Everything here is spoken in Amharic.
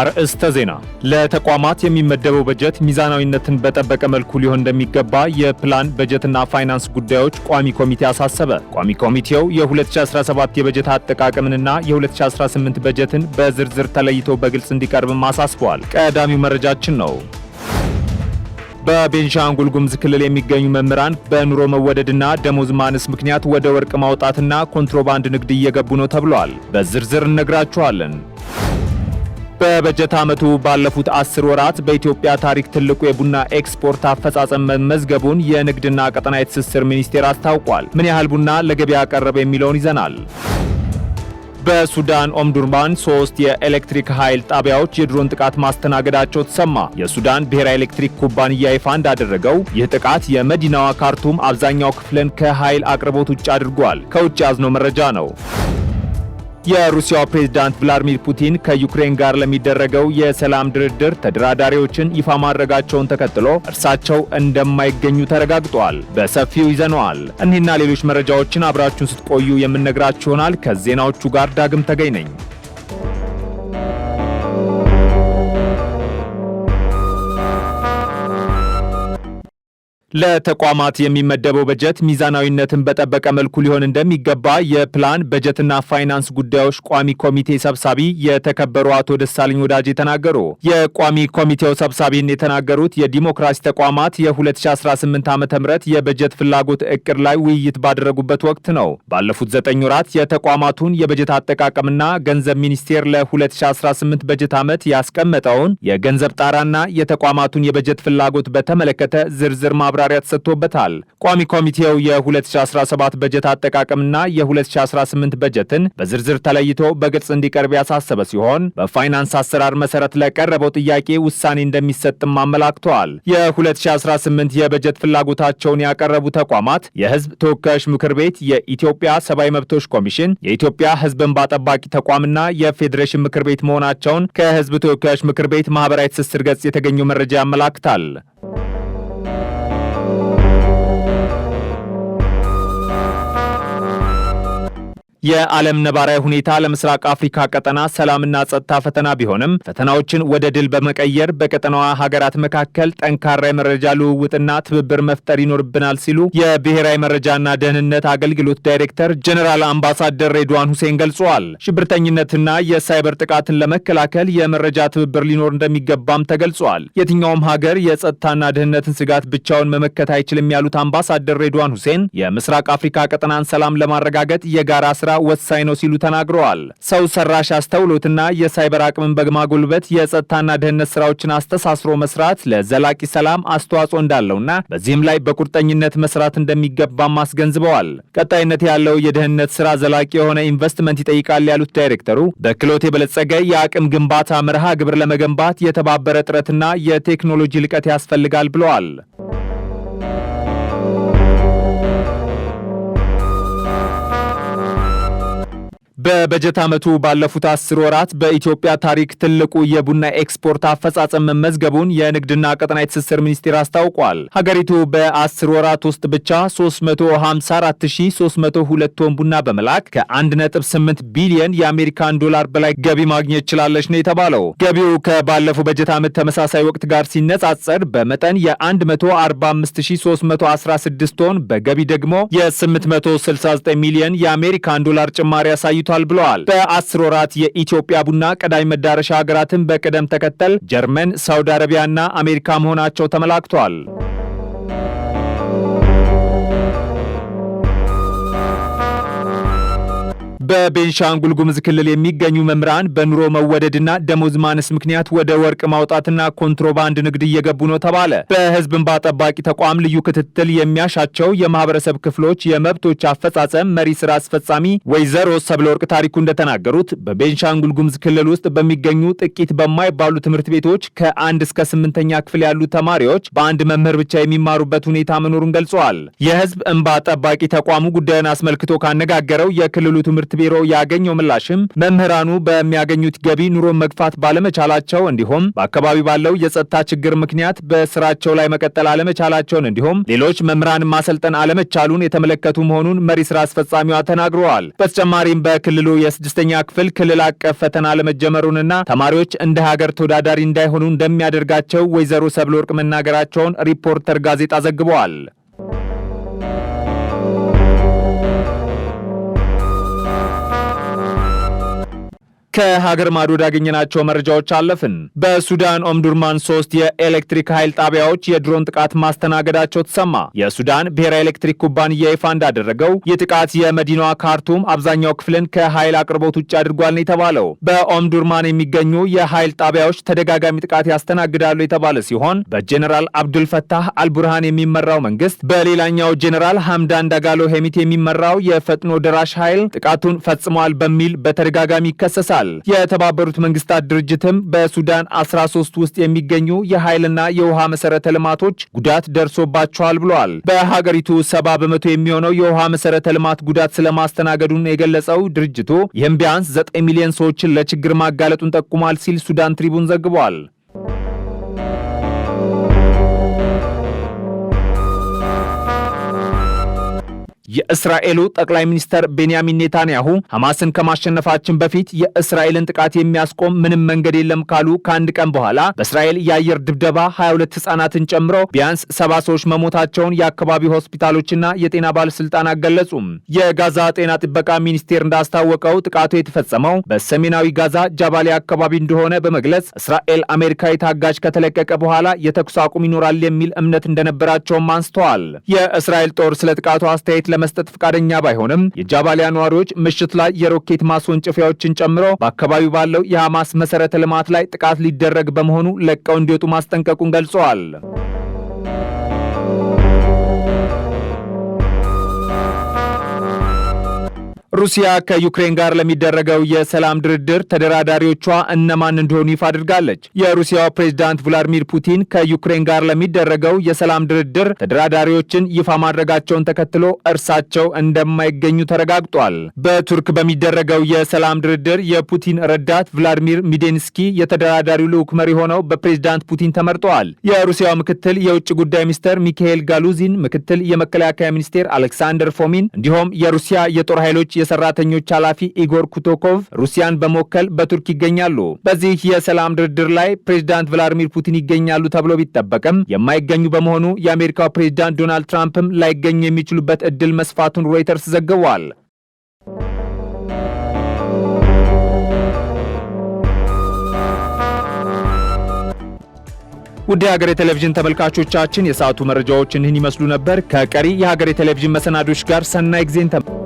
አርእስተ ዜና። ለተቋማት የሚመደበው በጀት ሚዛናዊነትን በጠበቀ መልኩ ሊሆን እንደሚገባ የፕላን በጀትና ፋይናንስ ጉዳዮች ቋሚ ኮሚቴ አሳሰበ። ቋሚ ኮሚቴው የ2017 የበጀት አጠቃቀምንና የ2018 በጀትን በዝርዝር ተለይቶ በግልጽ እንዲቀርብም አሳስበዋል። ቀዳሚው መረጃችን ነው። በቤንሻንጉል ጉሙዝ ክልል የሚገኙ መምህራን በኑሮ መወደድና ደሞዝ ማነስ ምክንያት ወደ ወርቅ ማውጣትና ኮንትሮባንድ ንግድ እየገቡ ነው ተብሏል። በዝርዝር እነግራችኋለን። በበጀት ዓመቱ ባለፉት አስር ወራት በኢትዮጵያ ታሪክ ትልቁ የቡና ኤክስፖርት አፈጻጸም መመዝገቡን የንግድና ቀጠና ትስስር ሚኒስቴር አስታውቋል። ምን ያህል ቡና ለገበያ ቀረበ የሚለውን ይዘናል። በሱዳን ኦምዱርማን ሶስት የኤሌክትሪክ ኃይል ጣቢያዎች የድሮን ጥቃት ማስተናገዳቸው ተሰማ። የሱዳን ብሔራዊ ኤሌክትሪክ ኩባንያ ይፋ እንዳደረገው ይህ ጥቃት የመዲናዋ ካርቱም አብዛኛው ክፍልን ከኃይል አቅርቦት ውጭ አድርጓል። ከውጭ ያዝነው መረጃ ነው። የሩሲያው ፕሬዝዳንት ቭላዲሚር ፑቲን ከዩክሬን ጋር ለሚደረገው የሰላም ድርድር ተደራዳሪዎችን ይፋ ማድረጋቸውን ተከትሎ እርሳቸው እንደማይገኙ ተረጋግጧል። በሰፊው ይዘነዋል። እኒህና ሌሎች መረጃዎችን አብራችሁን ስትቆዩ የምንነግራችሁ ይሆናል። ከዜናዎቹ ጋር ዳግም ተገኝ ነኝ። ለተቋማት የሚመደበው በጀት ሚዛናዊነትን በጠበቀ መልኩ ሊሆን እንደሚገባ የፕላን በጀትና ፋይናንስ ጉዳዮች ቋሚ ኮሚቴ ሰብሳቢ የተከበሩ አቶ ደሳለኝ ወዳጅ ተናገሩ። የቋሚ ኮሚቴው ሰብሳቢን የተናገሩት የዲሞክራሲ ተቋማት የ2018 ዓ ም የበጀት ፍላጎት እቅድ ላይ ውይይት ባደረጉበት ወቅት ነው። ባለፉት ዘጠኝ ወራት የተቋማቱን የበጀት አጠቃቀምና ገንዘብ ሚኒስቴር ለ2018 በጀት ዓመት ያስቀመጠውን የገንዘብ ጣራና የተቋማቱን የበጀት ፍላጎት በተመለከተ ዝርዝር ማብራ ማብራሪያ ተሰጥቶበታል። ቋሚ ኮሚቴው የ2017 በጀት አጠቃቀምና የ2018 በጀትን በዝርዝር ተለይቶ በግልጽ እንዲቀርብ ያሳሰበ ሲሆን በፋይናንስ አሰራር መሰረት ለቀረበው ጥያቄ ውሳኔ እንደሚሰጥም አመላክተዋል። የ2018 የበጀት ፍላጎታቸውን ያቀረቡ ተቋማት የህዝብ ተወካዮች ምክር ቤት፣ የኢትዮጵያ ሰብአዊ መብቶች ኮሚሽን፣ የኢትዮጵያ ህዝብ እንባ ጠባቂ ተቋምና የፌዴሬሽን ምክር ቤት መሆናቸውን ከህዝብ ተወካዮች ምክር ቤት ማህበራዊ ትስስር ገጽ የተገኘው መረጃ ያመላክታል። የዓለም ነባራዊ ሁኔታ ለምስራቅ አፍሪካ ቀጠና ሰላምና ጸጥታ ፈተና ቢሆንም ፈተናዎችን ወደ ድል በመቀየር በቀጠናዋ ሀገራት መካከል ጠንካራ የመረጃ ልውውጥና ትብብር መፍጠር ይኖርብናል ሲሉ የብሔራዊ መረጃና ደህንነት አገልግሎት ዳይሬክተር ጀኔራል አምባሳደር ሬድዋን ሁሴን ገልጸዋል። ሽብርተኝነትና የሳይበር ጥቃትን ለመከላከል የመረጃ ትብብር ሊኖር እንደሚገባም ተገልጿል። የትኛውም ሀገር የጸጥታና ደህንነትን ስጋት ብቻውን መመከት አይችልም ያሉት አምባሳደር ሬድዋን ሁሴን የምስራቅ አፍሪካ ቀጠናን ሰላም ለማረጋገጥ የጋራ ስራ ወሳኝ ነው ሲሉ ተናግረዋል። ሰው ሰራሽ አስተውሎትና የሳይበር አቅምን በማጎልበት የጸጥታና ደህንነት ስራዎችን አስተሳስሮ መስራት ለዘላቂ ሰላም አስተዋጽኦ እንዳለውና በዚህም ላይ በቁርጠኝነት መስራት እንደሚገባም አስገንዝበዋል። ቀጣይነት ያለው የደህንነት ስራ ዘላቂ የሆነ ኢንቨስትመንት ይጠይቃል ያሉት ዳይሬክተሩ በክህሎት የበለጸገ የአቅም ግንባታ መርሃ ግብር ለመገንባት የተባበረ ጥረትና የቴክኖሎጂ ልቀት ያስፈልጋል ብለዋል። በበጀት ዓመቱ ባለፉት አስር ወራት በኢትዮጵያ ታሪክ ትልቁ የቡና ኤክስፖርት አፈጻጸም መመዝገቡን የንግድና ቀጠና ትስስር ሚኒስቴር አስታውቋል። ሀገሪቱ በአስር ወራት ውስጥ ብቻ 354302 ቶን ቡና በመላክ ከ1.8 ቢሊየን የአሜሪካን ዶላር በላይ ገቢ ማግኘት ችላለች ነው የተባለው። ገቢው ከባለፈው በጀት ዓመት ተመሳሳይ ወቅት ጋር ሲነጻጸር በመጠን የ145316 ቶን፣ በገቢ ደግሞ የ869 ሚሊየን የአሜሪካን ዶላር ጭማሪ አሳይቷል። ተሰጥቷል ብለዋል። በአስር ወራት የኢትዮጵያ ቡና ቀዳሚ መዳረሻ ሀገራትን በቅደም ተከተል ጀርመን፣ ሳውዲ አረቢያና አሜሪካ መሆናቸው ተመላክቷል። በቤንሻንጉል ጉሙዝ ክልል የሚገኙ መምህራን በኑሮ መወደድና ደሞዝ ማነስ ምክንያት ወደ ወርቅ ማውጣትና ኮንትሮባንድ ንግድ እየገቡ ነው ተባለ። በህዝብ እንባ ጠባቂ ተቋም ልዩ ክትትል የሚያሻቸው የማህበረሰብ ክፍሎች የመብቶች አፈጻጸም መሪ ስራ አስፈጻሚ ወይዘሮ ሰብለወርቅ ታሪኩ እንደተናገሩት በቤንሻንጉል ጉሙዝ ክልል ውስጥ በሚገኙ ጥቂት በማይባሉ ትምህርት ቤቶች ከአንድ እስከ ስምንተኛ ክፍል ያሉ ተማሪዎች በአንድ መምህር ብቻ የሚማሩበት ሁኔታ መኖሩን ገልጸዋል። የህዝብ እንባ ጠባቂ ተቋሙ ጉዳዩን አስመልክቶ ካነጋገረው የክልሉ ትምህርት ቢሮ ያገኘው ምላሽም መምህራኑ በሚያገኙት ገቢ ኑሮ መግፋት ባለመቻላቸው እንዲሁም በአካባቢ ባለው የጸጥታ ችግር ምክንያት በስራቸው ላይ መቀጠል አለመቻላቸውን እንዲሁም ሌሎች መምህራን ማሰልጠን አለመቻሉን የተመለከቱ መሆኑን መሪ ስራ አስፈጻሚዋ ተናግረዋል። በተጨማሪም በክልሉ የስድስተኛ ክፍል ክልል አቀፍ ፈተና አለመጀመሩንና ተማሪዎች እንደ ሀገር ተወዳዳሪ እንዳይሆኑ እንደሚያደርጋቸው ወይዘሮ ሰብለ ወርቅ መናገራቸውን ሪፖርተር ጋዜጣ ዘግበዋል። ከሀገር ማዶ ወዳገኘናቸው መረጃዎች አለፍን። በሱዳን ኦምዱርማን ሶስት የኤሌክትሪክ ኃይል ጣቢያዎች የድሮን ጥቃት ማስተናገዳቸው ተሰማ። የሱዳን ብሔራዊ ኤሌክትሪክ ኩባንያ ይፋ እንዳደረገው ይህ ጥቃት የመዲናዋ ካርቱም አብዛኛው ክፍልን ከኃይል አቅርቦት ውጭ አድርጓል ነው የተባለው። በኦምዱርማን የሚገኙ የኃይል ጣቢያዎች ተደጋጋሚ ጥቃት ያስተናግዳሉ የተባለ ሲሆን በጀኔራል አብዱልፈታህ አልቡርሃን የሚመራው መንግስት በሌላኛው ጀነራል ሐምዳን ዳጋሎ ሄሚት የሚመራው የፈጥኖ ደራሽ ኃይል ጥቃቱን ፈጽሟል በሚል በተደጋጋሚ ይከሰሳል። ተገልጿል። የተባበሩት መንግስታት ድርጅትም በሱዳን 13 ውስጥ የሚገኙ የኃይልና የውሃ መሰረተ ልማቶች ጉዳት ደርሶባቸዋል ብሏል። በሀገሪቱ ሰባ በመቶ የሚሆነው የውሃ መሰረተ ልማት ጉዳት ስለማስተናገዱን የገለጸው ድርጅቱ ይህም ቢያንስ 9 ሚሊዮን ሰዎችን ለችግር ማጋለጡን ጠቁሟል ሲል ሱዳን ትሪቡን ዘግቧል። የእስራኤሉ ጠቅላይ ሚኒስተር ቤንያሚን ኔታንያሁ ሐማስን ከማሸነፋችን በፊት የእስራኤልን ጥቃት የሚያስቆም ምንም መንገድ የለም ካሉ ከአንድ ቀን በኋላ በእስራኤል የአየር ድብደባ 22 ሕጻናትን ጨምሮ ቢያንስ ሰባ ሰዎች መሞታቸውን የአካባቢው ሆስፒታሎችና የጤና ባለስልጣናት ገለጹ። የጋዛ ጤና ጥበቃ ሚኒስቴር እንዳስታወቀው ጥቃቱ የተፈጸመው በሰሜናዊ ጋዛ ጃባሌ አካባቢ እንደሆነ በመግለጽ እስራኤል አሜሪካዊ ታጋጅ ከተለቀቀ በኋላ የተኩስ አቁም ይኖራል የሚል እምነት እንደነበራቸውም አንስተዋል። የእስራኤል ጦር ስለ ጥቃቱ አስተያየት ለመስጠት ፈቃደኛ ባይሆንም የጃባሊያ ነዋሪዎች ምሽት ላይ የሮኬት ማስወንጨፊያዎችን ጨምሮ በአካባቢው ባለው የሐማስ መሰረተ ልማት ላይ ጥቃት ሊደረግ በመሆኑ ለቀው እንዲወጡ ማስጠንቀቁን ገልጸዋል። ሩሲያ ከዩክሬን ጋር ለሚደረገው የሰላም ድርድር ተደራዳሪዎቿ እነማን እንደሆኑ ይፋ አድርጋለች። የሩሲያው ፕሬዝዳንት ቭላዲሚር ፑቲን ከዩክሬን ጋር ለሚደረገው የሰላም ድርድር ተደራዳሪዎችን ይፋ ማድረጋቸውን ተከትሎ እርሳቸው እንደማይገኙ ተረጋግጧል። በቱርክ በሚደረገው የሰላም ድርድር የፑቲን ረዳት ቭላዲሚር ሚዴንስኪ የተደራዳሪው ልዑክ መሪ ሆነው በፕሬዝዳንት ፑቲን ተመርጠዋል። የሩሲያው ምክትል የውጭ ጉዳይ ሚኒስትር ሚካኤል ጋሉዚን፣ ምክትል የመከላከያ ሚኒስቴር አሌክሳንደር ፎሚን እንዲሁም የሩሲያ የጦር ኃይሎች የሰራተኞች ኃላፊ ኢጎር ኩቶኮቭ ሩሲያን በመወከል በቱርክ ይገኛሉ። በዚህ የሰላም ድርድር ላይ ፕሬዚዳንት ቭላዲሚር ፑቲን ይገኛሉ ተብሎ ቢጠበቅም የማይገኙ በመሆኑ የአሜሪካው ፕሬዚዳንት ዶናልድ ትራምፕም ላይገኙ የሚችሉበት እድል መስፋቱን ሮይተርስ ዘግቧል። ውድ የሀገሬ ቴሌቪዥን ተመልካቾቻችን የሰዓቱ መረጃዎች እኒህን ይመስሉ ነበር። ከቀሪ የሀገሬ ቴሌቪዥን መሰናዶች ጋር ሰናይ ጊዜን